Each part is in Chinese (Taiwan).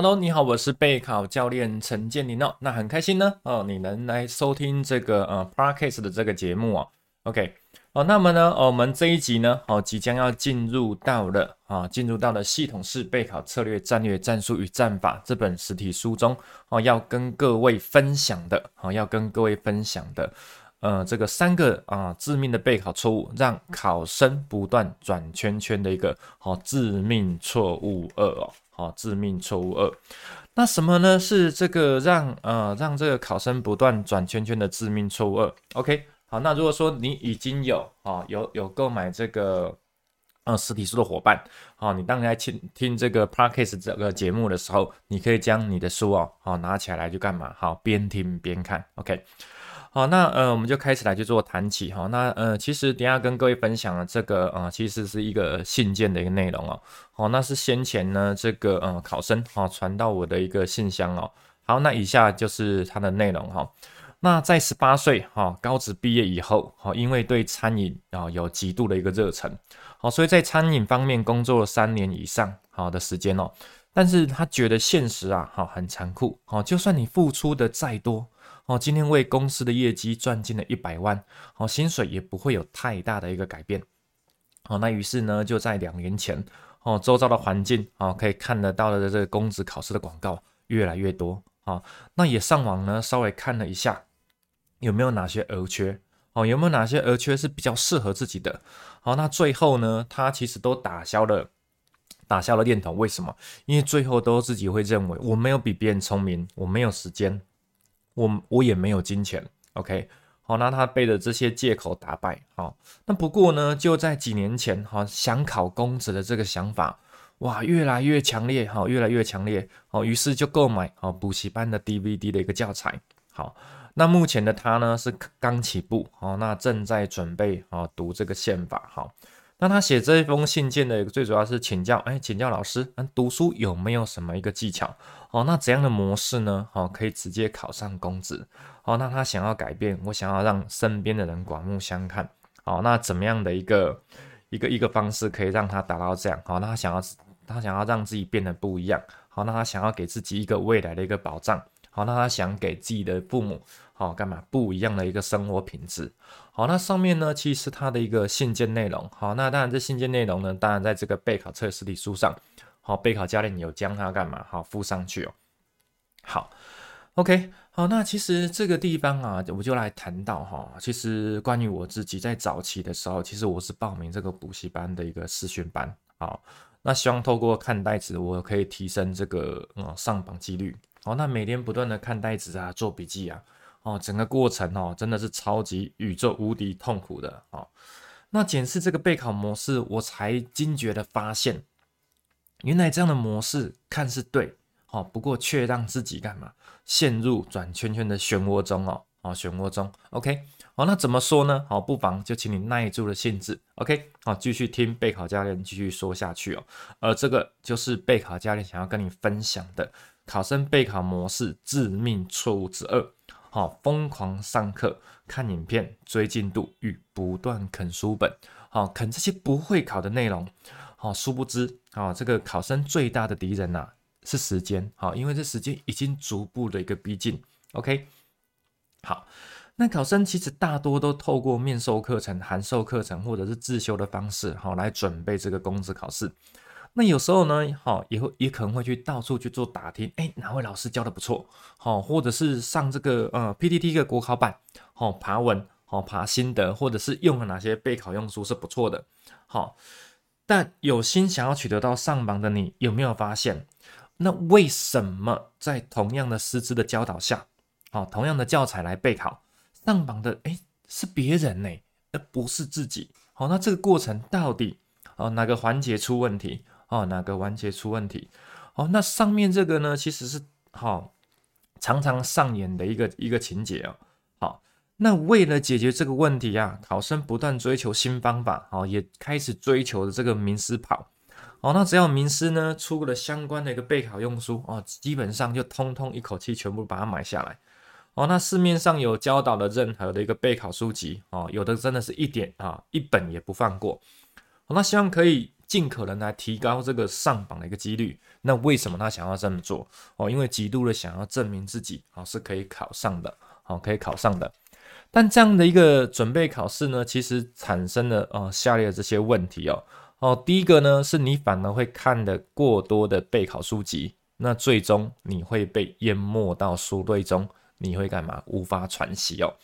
Hello，你好，我是備考教練陳建林哦，那很開心呢哦，你能來收聽這個呃 Practice 的這個節目哦 OK 哦，那麼呢，我們這一集呢哦，即將要進入到了啊、哦，進入到了系統式備考策略、戰略、戰術與戰法這本實體書中哦，要跟各位分享的啊、哦，要跟各位分享的呃，這個三個啊、呃、致命的備考錯誤，讓考生不斷轉圈圈的一個好、哦、致命錯誤二哦。哦，致命錯誤二，那什麼呢？是這個讓呃讓這個考生不斷轉圈圈的致命錯誤二。OK，好，那如果說你已經有啊、哦、有有購買這個嗯、呃、實體書的夥伴，好、哦，你當然在聽聽這個 Podcast 這個節目的時候，你可以將你的書啊、哦，好、哦、拿起來來就幹嘛？好，邊聽邊看。OK。好，那呃，我們就開始來去做談起哈、哦。那呃，其實等一下跟各位分享的這個啊、呃，其實是一個信件的一個內容哦。好，那是先前呢這個呃考生哈、哦、傳到我的一個信箱哦。好，那以下就是他的內容哈、哦。那在十八歲哈、哦、高職畢業以後，好、哦，因為對餐飲啊、哦、有極度的一個熱忱，好、哦，所以在餐飲方面工作了三年以上好、哦、的時間哦。但是他覺得現實啊好、哦、很殘酷，哦，就算你付出的再多。哦，今天為公司的業績賺進了一百萬，哦，薪水也不會有太大的一個改變。哦，那於是呢，就在兩年前，哦，周遭的環境，哦，可以看得到的這個公職考試的廣告越來越多。那也上網呢，稍微看了一下，有沒有哪些額缺？哦，有沒有哪些額缺是比較適合自己的？好，那最後呢，他其實都打消了，打消了念頭。為什麼？因為最後都自己會認為，我沒有比別人聰明，我沒有時間。我我也沒有金錢，OK，好，那他被這些借口打敗，好，那不過呢，就在幾年前，哈，想考公職的這個想法，哇，越來越強烈，哈，越來越強烈，好，於是就購買，好補習班的 DVD 的一個教材，好，那目前的他呢是剛起步，好，那正在準備，好，讀這個憲法，好。那他寫這封信件的最主要是請教，哎、欸，請教老師，嗯，讀書有沒有什麼一個技巧？哦，那怎樣的模式呢？哦，可以直接考上公職。哦，那他想要改變，我想要讓身邊的人刮目相看。哦，那怎麼樣的一個一個一個方式可以讓他達到這樣？哦，那他想要他想要讓自己變得不一樣。好、哦，那他想要給自己一個未來的一個保障。好，那他想給自己的父母，好幹嘛不一樣的一個生活品質。好，那上面呢，其實是他的一個信件內容。好，那當然這信件內容呢，當然在這個備考測試的書上。好，備考教練你有將它幹嘛？好，附上去哦。好，OK。好，那其實這個地方啊，我就來談到哈，其實關於我自己在早期的時候，其實我是報名這個補習班的一個視訊班。好，那希望透過看帶子，我可以提升這個呃、嗯、上榜幾率。哦，那每天不斷的看帶子啊，做筆記啊，哦，整個過程哦，真的是超級宇宙無敵痛苦的哦。那檢視這個備考模式，我才驚覺的發現，原來這樣的模式看似對，哦，不過卻讓自己幹嘛陷入轉圈圈的漩渦中哦，哦，漩渦中，OK，好，那怎麼說呢？哦，不妨就請你耐住了性子，OK，好，繼續聽備考教練繼續說下去哦。而這個就是備考教練想要跟你分享的。考生備考模式致命錯誤之二，好、哦、瘋狂上課、看影片、追進度與不斷啃書本，好、哦、啃這些不會考的內容，好、哦、殊不知啊、哦，這個考生最大的敵人吶、啊、是時間，好、哦、因為這時間已經逐步的一個逼近，OK，好，那考生其實大多都透過面授課程、函授課程或者是自修的方式，好、哦、來準備這個公職考試。那有時候呢，好也會也可能會去到處去做打聽，哎，哪位老師教的不錯，好，或者是上這個呃 PTT 一個國考版，好爬文，好爬心得，或者是用了哪些備考用書是不錯的，好，但有心想要取得到上榜的你，有沒有發現？那為什麼在同樣的師資的教導下，好，同樣的教材來備考上榜的，哎，是別人呢、欸，而不是自己？好，那這個過程到底哦哪個環節出問題？哦，哪個環節出問題？哦，那上面這個呢，其實是好、哦、常常上演的一個一個情節哦。好、哦，那為了解決這個問題啊，考生不斷追求新方法，哦，也開始追求的這個名師跑。哦，那只要名師呢出了相關的一個備考用書，哦，基本上就通通一口氣全部把它買下來。哦，那市面上有教導的任何的一個備考書籍，哦，有的真的是一點啊、哦、一本也不放過。好、哦，那希望可以。盡可能來提高這個上榜的一個幾率。那為什麼他想要這麼做？哦，因為極度的想要證明自己，哦，是可以考上的，哦，可以考上的。但這樣的一個準備考試呢，其實產生了哦，下列的這些問題哦。哦，第一個呢，是你反而會看的過多的備考書籍，那最終你會被淹沒到書堆中，你會幹嘛？無法喘息哦。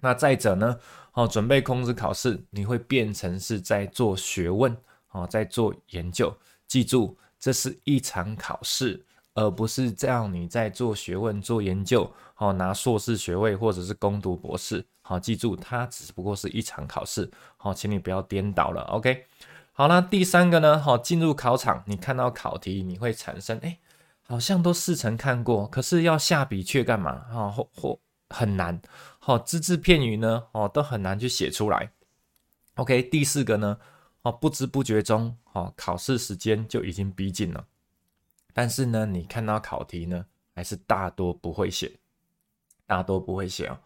那再者呢，哦，準備公職考試，你會變成是在做學問，哦，在做研究，記住，這是一場考試，而不是叫你在做學問、做研究，好、哦，拿碩士學位或者是攻讀博士，好、哦，記住，它只不過是一場考試，好、哦，請你不要顛倒了，OK，好啦。那第三個呢，好、哦，進入考場，你看到考題，你會產生，哎，好像都似曾看過，可是要下筆卻幹嘛？啊、哦，或、哦、或很難，好、哦，只字片語呢，哦，都很難去寫出來，OK，第四個呢？哦，不知不覺中，哦，考試時間就已經逼近了。但是呢，你看到考題呢，還是大多不會寫，大多不會寫哦。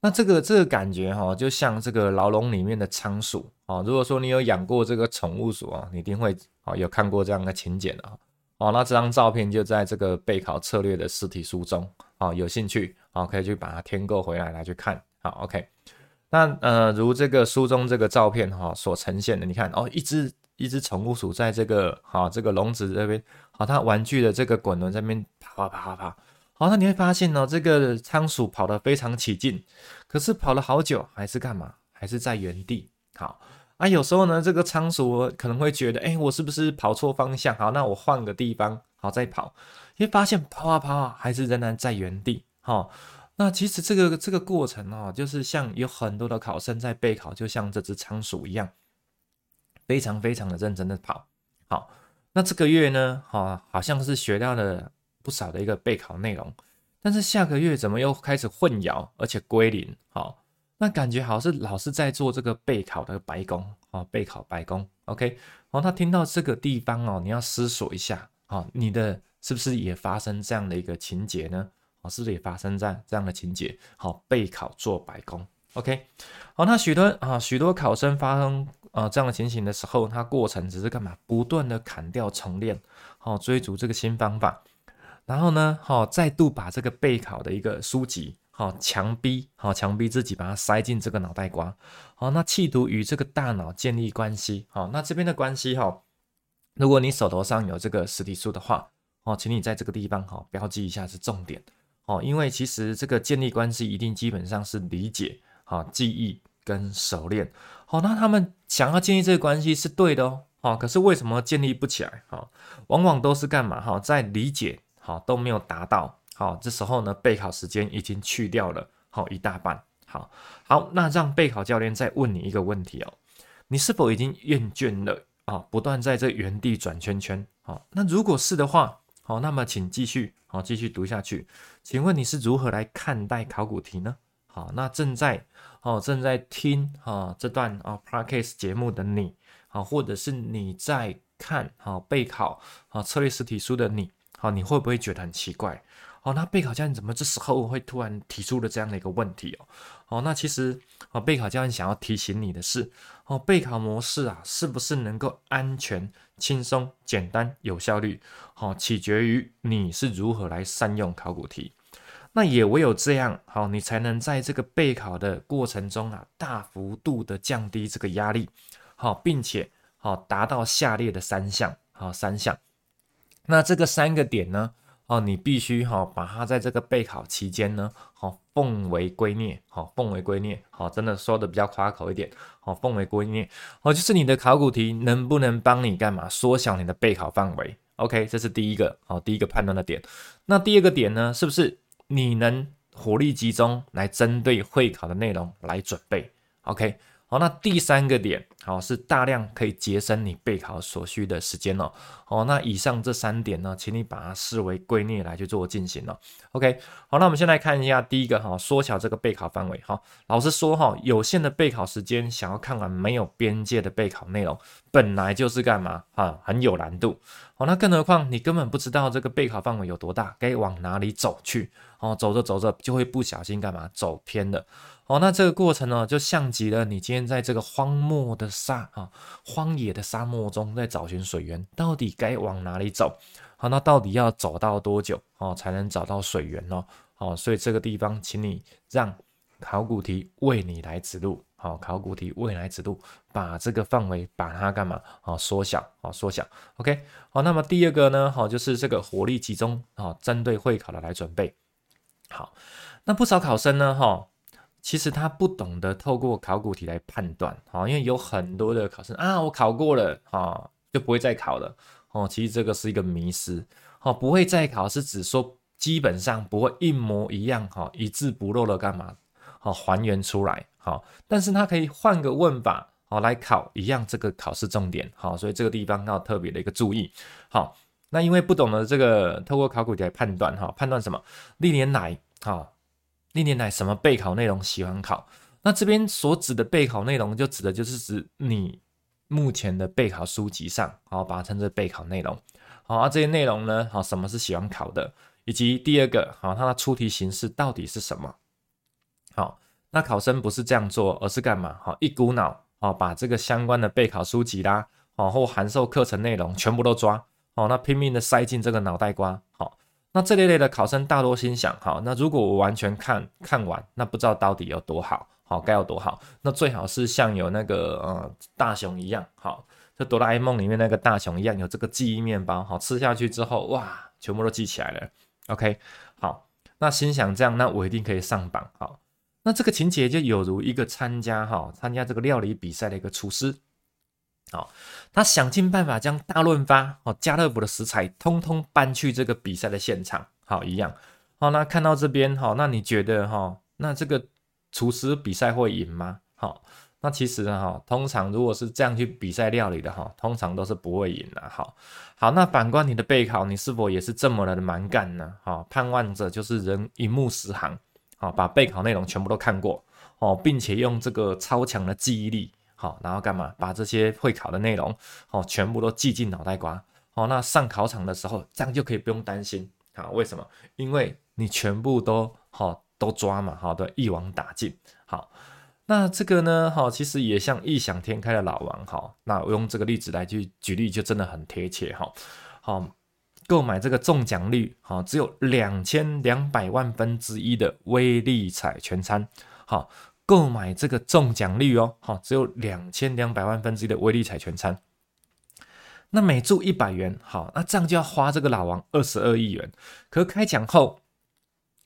那這個這個感覺哈、哦，就像這個牢籠裡面的倉鼠啊、哦。如果說你有養過這個寵物鼠啊、哦，你一定會哦，有看過這樣的情節啊、哦。哦，那這張照片就在這個備考策略的實體書中哦。有興趣啊、哦，可以去把它添購回來來去看。好、哦，OK。那呃，如這個書中這個照片，哈、哦、所呈現的，你看哦，一隻一隻寵物鼠在這個哈、哦、這個籠子這邊，好、哦，它玩具的這個滾輪在那邊啪啪啪啪啪。好，那你會發現呢、哦，這個倉鼠跑得非常起勁，可是跑了好久還是幹嘛？還是在原地。好啊，有時候呢，這個倉鼠可能會覺得，哎、欸，我是不是跑錯方向？好，那我換個地方好，再跑，你會發現啪啪啪還是仍然在原地。好、哦。那其實這個這個過程哦，就是像有很多的考生在備考，就像這隻倉鼠一樣，非常非常的認真的跑。好，那這個月呢，好，好像是學到了不少的一個備考內容，但是下個月怎麼又開始混淆，而且歸零？好，那感覺好像是老是在做這個備考的白工啊，備考白工 OK，然後他聽到這個地方哦，你要思索一下哦，你的是不是也發生這樣的一個情節呢？哦，是不是也發生在這樣的情節？好，備考做白工，OK。好，那許多啊，許多考生發生啊這樣的情形的時候，他過程只是幹嘛？不斷的砍掉重練，好、哦、追逐這個新方法，然後呢，好、哦、再度把這個備考的一個書籍，好、哦、強逼，好、哦、強逼自己把它塞進這個腦袋瓜，好，那企圖與這個大腦建立關係，好、哦，那這邊的關係，哈、哦，如果你手頭上有這個實體書的話，哦，請你在這個地方，哈、哦，標記一下是重點。哦，因為其實這個建立關係一定基本上是理解哈、記憶跟熟練。好，那他們想要建立這個關係是對的哦。好，可是為什麼建立不起來？哈，往往都是幹嘛？哈，在理解哈都沒有達到。好，這時候呢，備考時間已經去掉了好一大半。好，好，那讓備考教練再問你一個問題哦：你是否已經厭倦了啊，不斷在這原地轉圈圈？啊，那如果是的話，好，那麼請繼續，好、哦、繼續讀下去。請問你是如何來看待考古題呢？好，那正在哦正在聽啊、哦、這段啊 PR case 節目的你，啊、哦，或者是你在看好、哦、備考啊、哦、策略實體書的你，好、哦，你會不會覺得很奇怪？哦，那備考教練怎麼這時候會突然提出了這樣的一個問題哦？哦，那其實啊，備考教練想要提醒你的是哦，備考模式啊，是不是能夠安全、輕鬆、簡單、有效率？好，取決於你是如何來善用考古題。那也唯有這樣，好，你才能在這個備考的過程中啊，大幅度的降低這個壓力，好，並且好達到下列的三項，好，三項。那這個三個點呢？哦，你必須哈、哦，把它在這個備考期間呢，哈、哦，奉為圭臬，哈、哦，奉為圭臬，好、哦，真的說的比較誇口一點，好、哦，奉為圭臬，哦，就是你的考古題能不能幫你幹嘛縮小你的備考範圍？OK，這是第一個，哦，第一個判斷的點。那第二個點呢，是不是你能火力集中來針對會考的內容來準備？OK。好，那第三個點，好是大量可以節省你備考所需的時間哦。哦，那以上這三點呢，請你把它視為圭臬來去做進行了。OK，好，那我們先來看一下第一個，哈，縮小這個備考範圍，哈。老實說，哈，有限的備考時間，想要看完沒有邊界的備考內容，本來就是幹嘛哈，很有難度。好，那更何況你根本不知道這個備考範圍有多大，該往哪裡走去？哦，走着走着就會不小心幹嘛走偏了。哦，那這個過程呢，就像極了你今天在這個荒漠的沙啊，荒野的沙漠中在找尋水源，到底該往哪裡走？好，那到底要走到多久哦，才能找到水源呢？哦，所以這個地方，請你讓考古題為你來指路。好、哦，考古題為你來指路，把這個範圍把它幹嘛？哦，縮小，哦，縮小。OK，好，那麼第二個呢？好、哦，就是這個火力集中啊，針、哦、對會考的來準備。好，那不少考生呢？哈、哦。其實他不懂得透過考古題來判斷，因為有很多的考生啊，我考過了，啊、哦，就不會再考了，哦，其實這個是一個迷思、哦，不會再考是指說基本上不會一模一樣，哈、哦，一字不漏的幹嘛，哦，還原出來，好、哦，但是他可以換個問法，哦，來考一樣這個考試重點，好、哦，所以這個地方要特別的一個注意，好、哦，那因為不懂得這個透過考古題來判斷，哈、哦，判斷什麼？歷年來，哈、哦。歷年來什麼備考內容喜歡考？那這邊所指的備考內容，就指的就是指你目前的備考書籍上，好，把它稱之為備考內容，好、啊、這些內容呢，好，什麼是喜歡考的？以及第二個，好，它的出題形式到底是什麼？好，那考生不是這樣做，而是幹嘛？好，一股腦，好，把這個相關的備考書籍啦，好，或函授課程內容全部都抓，好，那拼命的塞進這個腦袋瓜，好。那這類類的考生大多心想，哈，那如果我完全看，看完，那不知道到底有多好，好，該有多好。那最好是像有那個呃大雄一樣，哈，就哆啦 A 夢裡面那個大雄一樣，有這個記憶面包，好，吃下去之後，哇，全部都記起來了。OK，好，那心想這樣，那我一定可以上榜，哈，那這個情節就有如一個參加，哈，參加這個料理比賽的一個廚師。好、哦，他想盡辦法將大潤發、哦、家樂福的食材，通通搬去這個比賽的現場，好、哦、一樣。好、哦，那看到這邊，哈、哦，那你覺得，哈、哦，那這個廚師比賽會贏嗎？好、哦，那其實呢，哈、哦，通常如果是這樣去比賽料理的，哈、哦，通常都是不會贏的。好、哦，好，那反觀你的備考，你是否也是這麼的蠻幹呢？哈、哦，盼望着就是人一目十行，好、哦，把備考內容全部都看過，哦，並且用這個超強的記憶力。好，然後幹嘛？把這些會考的內容，哦，全部都記進腦袋瓜，哦，那上考場的時候，這樣就可以不用擔心，好，為什麼？因為你全部都，好，都抓嘛，好的，一網打盡，好，那這個呢，好，其實也像異想天開的老王，好，那我用這個例子來去舉例，就真的很貼切，哈，好，購買這個中獎率，好，只有兩千兩百萬分之一的威力彩全餐，好。購買這個中獎率哦，好，只有兩千兩百萬分之一的威力彩全餐。那每注一百元，好，那這樣就要花這個老王二十二億元。可開獎後，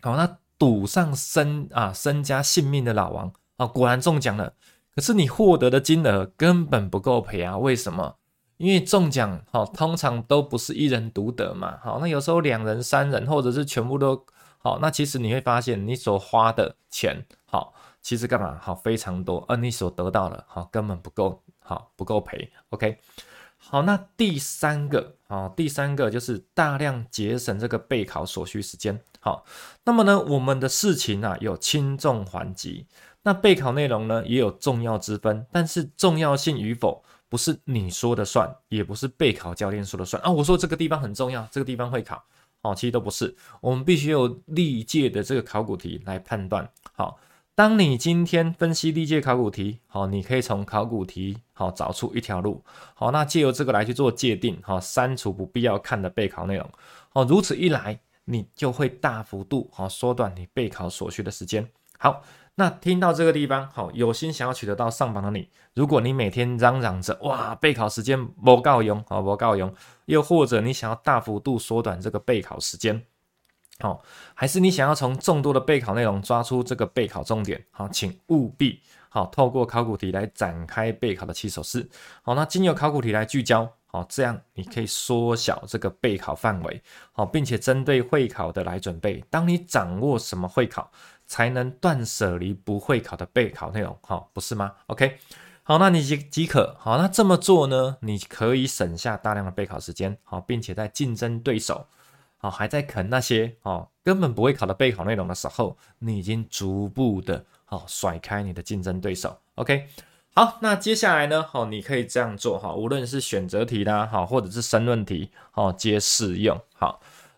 好、哦，那賭上身啊身家性命的老王啊、哦，果然中獎了。可是你獲得的金額根本不夠賠啊，為什麼？因為中獎、哦、通常都不是一人獨得嘛。好、哦，那有時候兩人、三人，或者是全部都好、哦，那其實你會發現，你所花的錢好。哦其實幹嘛好非常多，而、啊、你所得到的好根本不夠好不夠賠。OK，好，那第三個好第三個就是大量節省這個備考所需時間。好，那麼呢我們的事情呢、啊、有輕重緩急，那備考內容呢也有重要之分，但是重要性與否不是你說的算，也不是備考教練說的算啊、哦。我說這個地方很重要，這個地方會考哦，其實都不是，我們必須有歷屆的這個考古題來判斷。好。當你今天分析歷屆考古題，好，你可以從考古題好找出一條路，好，那借由這個來去做界定，好，刪除不必要看的備考內容，哦，如此一來，你就會大幅度好縮短你備考所需的時間。好，那聽到這個地方，好，有心想要取得到上榜的你，如果你每天嚷嚷着哇備考時間不夠用，好不夠用，又或者你想要大幅度縮短這個備考時間。好，還是你想要從眾多的備考內容抓出這個備考重點？好，請務必好透過考古題來展開備考的起手式。好，那經由考古題來聚焦，好，這樣你可以縮小這個備考範圍，好，並且針對會考的來準備。當你掌握什麼會考，才能斷舍離不會考的備考內容，好，不是嗎？OK，好，那你即即可，好，那這麼做呢？你可以省下大量的備考時間，好，並且在競爭對手。啊，還在啃那些、哦、根本不會考的備考內容的時候，你已經逐步的、哦、甩開你的競爭對手。OK，好，那接下來呢，哦、你可以這樣做哈，無論是選擇題啦，或者是申論題、哦、接皆適用。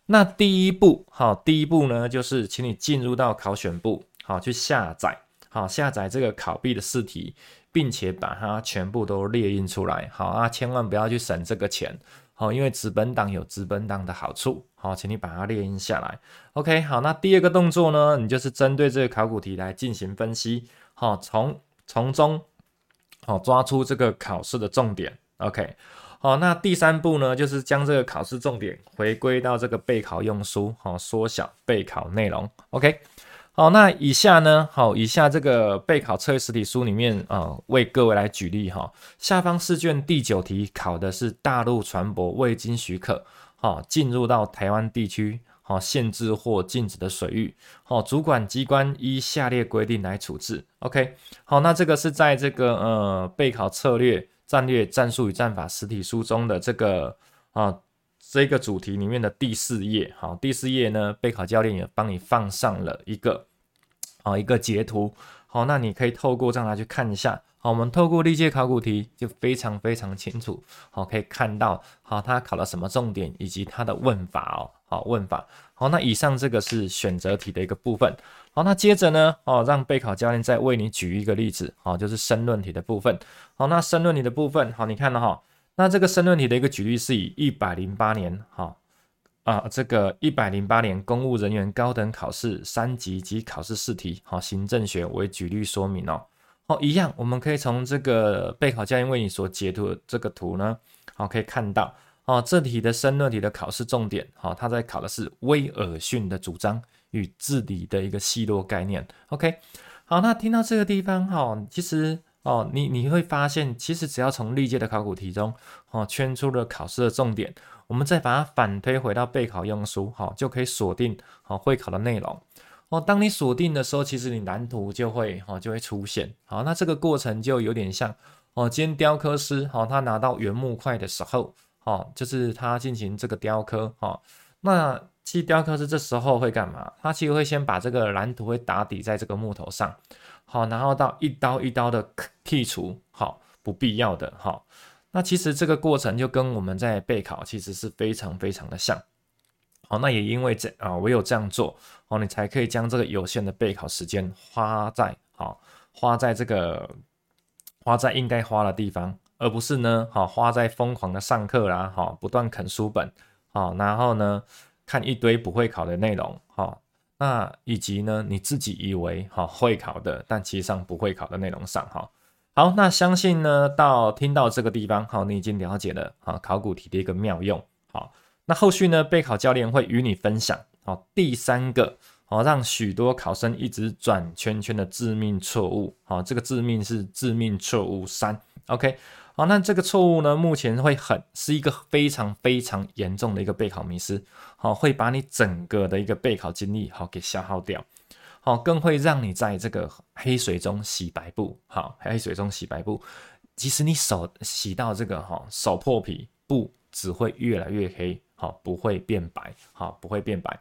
那第一步，哦、第一步呢，就是請你進入到考選部，好、哦、去下載，好、哦、下載這個考畢的試題，並且把它全部都列印出來。好啊，千萬不要去省這個錢。好，因為紙本檔有紙本檔的好處。好，請你把它列印下來。OK，好，那第二個動作呢？你就是針對這個考古題來進行分析。好，從從中好抓出這個考試的重點。OK，好，那第三步呢？就是將這個考試重點回歸到這個備考用書，好，縮小備考內容。OK。好，那以下呢？好，以下這個備考策略實體書裡面啊、呃，為各位來舉例哈、哦。下方試卷第九題考的是大陸船舶未經許可，好、哦、進入到台灣地區，好、哦、限制或禁止的水域，好、哦、主管機關依下列規定來處置。OK，好，那這個是在這個呃備考策略、戰略、戰術與戰法實體書中的這個啊。哦這個主題裡面的第四頁，好，第四頁呢，備考教練也幫你放上了一個，好，一個截圖，好，那你可以透過這樣來去看一下，好，我們透過歷屆考古題就非常非常清楚，好，可以看到，好，它考了什麼重點以及它的問法哦，好，問法，好，那以上這個是選擇題的一個部分，好，那接着呢，哦，讓備考教練再為你舉一個例子，好，就是申論題的部分，好，那申論題的部分，好，你看了、哦、哈。那這個申論題的一個舉例是以一百零八年，哈、哦、啊，這個一百零八年公務人員高等考試三級及考試試題，好、哦，行政學為舉例說明哦，哦，一樣，我們可以從這個備考教研為你所截圖的這個圖呢，好、哦，可以看到哦，這題的申論題的考試重點，好、哦，它在考的是威爾遜的主張與治理的一個系絡概念，OK，好，那聽到這個地方，哈、哦，其實。哦，你你會發現，其實只要從歷屆的考古題中，哦、圈出了考試的重點，我們再把它反推回到備考用書，哈、哦，就可以鎖定，好、哦，會考的內容。哦，當你鎖定的時候，其實你藍圖就會，哦、就會出現。好、哦，那這個過程就有點像，哦，今天雕刻師，哦、他拿到原木塊的時候，哦、就是他進行這個雕刻，哦、那其實雕刻師這時候會幹嘛？他其實會先把這個藍圖會打底在這個木頭上。好，然後到一刀一刀的剔除好不必要的哈，那其實這個過程就跟我們在備考其實是非常非常的像。好，那也因為這啊，唯有這樣做哦，你才可以將這個有限的備考時間花在好、哦、花在這個花在應該花的地方，而不是呢好、哦、花在瘋狂的上課啦，好、哦、不斷啃書本，好、哦、然後呢看一堆不會考的內容哈。哦那以及呢，你自己以為哈會考的，但其實上不會考的內容上哈。好，好，那相信呢，到聽到這個地方，好，你已經了解了哈考古題的一個妙用。好，那後續呢，備考教練會與你分享。好，第三個，好，讓許多考生一直轉圈圈的致命錯誤。好，這個致命是致命錯誤三。OK。好，那這個錯誤呢，目前會很是一個非常非常嚴重的一個備考迷思，好，會把你整個的一個備考精力好給消耗掉，好，更會讓你在這個黑水中洗白布，好，黑水中洗白布，即使你手洗到這個，好，手破皮，布只會越來越黑。哦、不會變白。好，不會變白。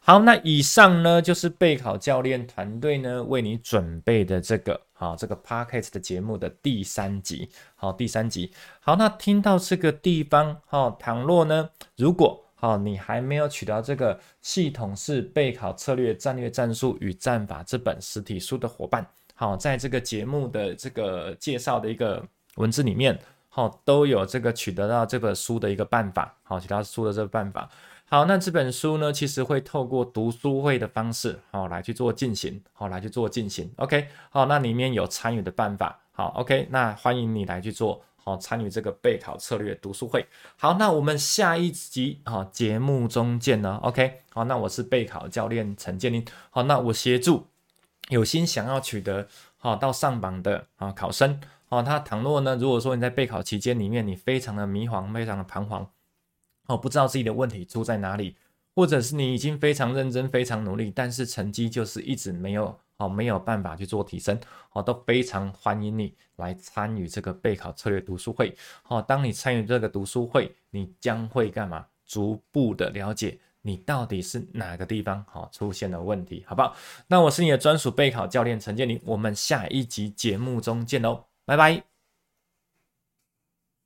好，那以上呢，就是備考教練團隊呢為你準備的這個啊，這個 Podcast 的節目的第三集。好，第三集。好，那聽到這個地方，哦，倘若呢，如果好，你還沒有取到這個系統式備考策略、戰略、戰術與戰法這本實體書的夥伴，好，在這個節目的這個介紹的一個文字裡面。好，都有這個取得到這本書的一個辦法。好，取得書的這個辦法。好，那這本書呢，其實會透過讀書會的方式，好來去做進行，好來去做進行。OK，好，那裡面有參與的辦法。好，OK，那歡迎你來去做，好參與這個備考策略讀書會。好，那我們下一集啊節目中見了。OK，好，那我是備考教練陳建林。好，那我協助有心想要取得好到上榜的啊考生。哦，他倘若呢？如果說你在備考期間裡面，你非常的迷茫，非常的彷徨，哦，不知道自己的問題出在哪裡，或者是你已經非常認真、非常努力，但是成績就是一直沒有哦，沒有辦法去做提升，哦，都非常歡迎你來參與這個備考策略讀書會。哦，當你參與這個讀書會，你將會幹嘛？逐步的了解你到底是哪個地方好、哦、出現了問題，好不好？那我是你的專屬備考教練陳建林，我們下一集節目中見嘍。拜拜。